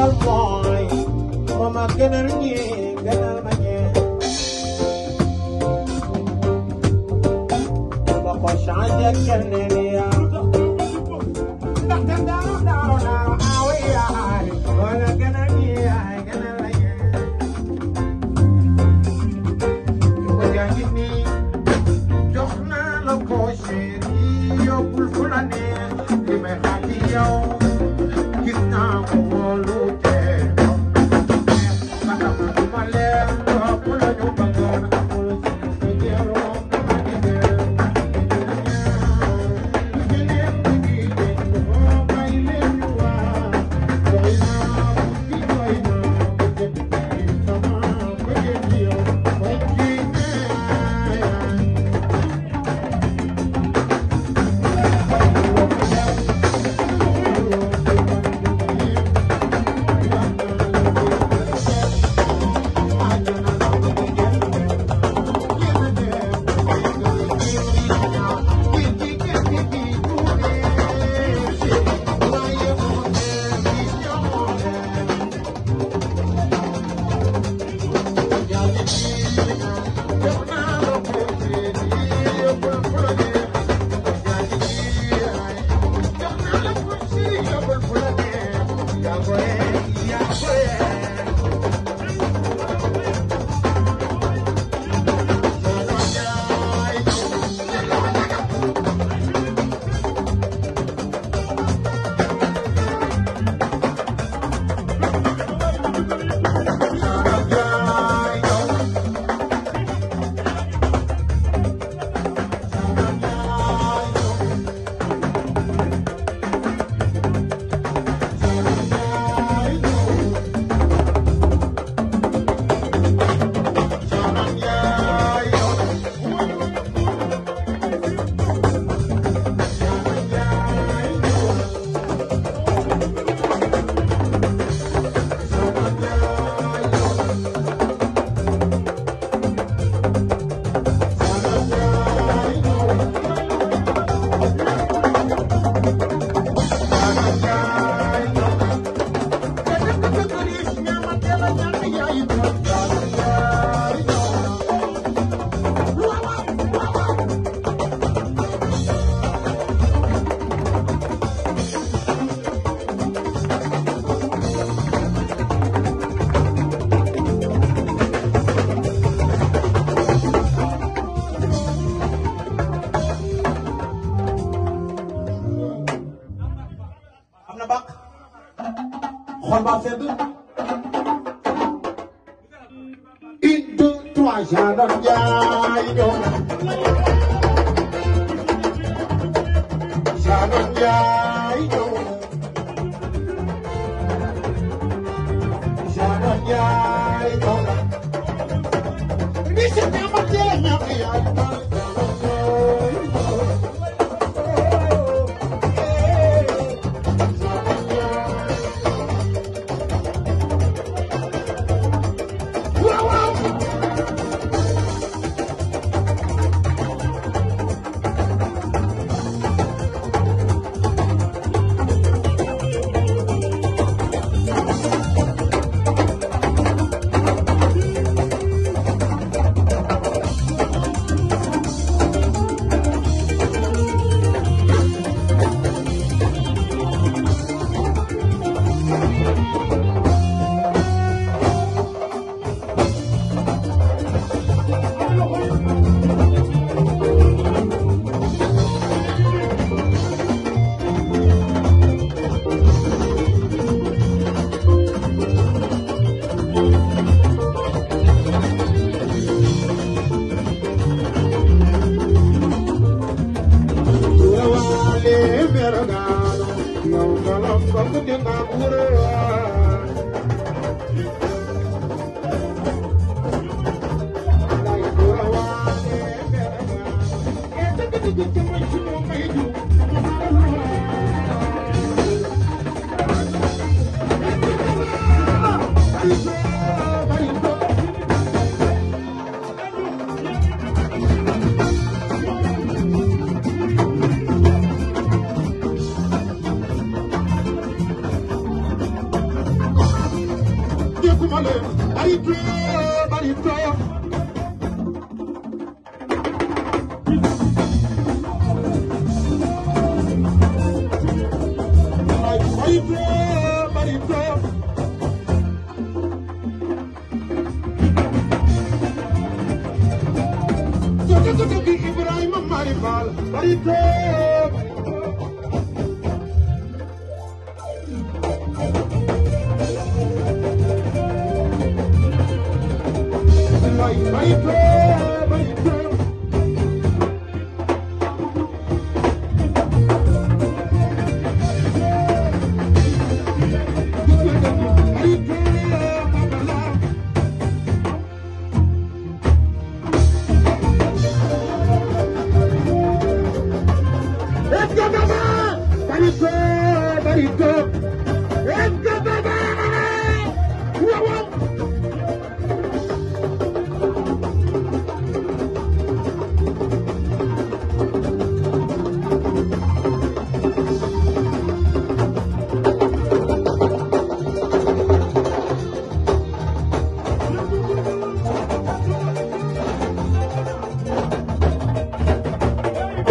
gënal mooy moom a gënal ñii gënal ma ñee ba ko changé kenn ni yaa Yeah. trois cent doon jaay doom cent doon jaay Barito, barito, barito. Marito!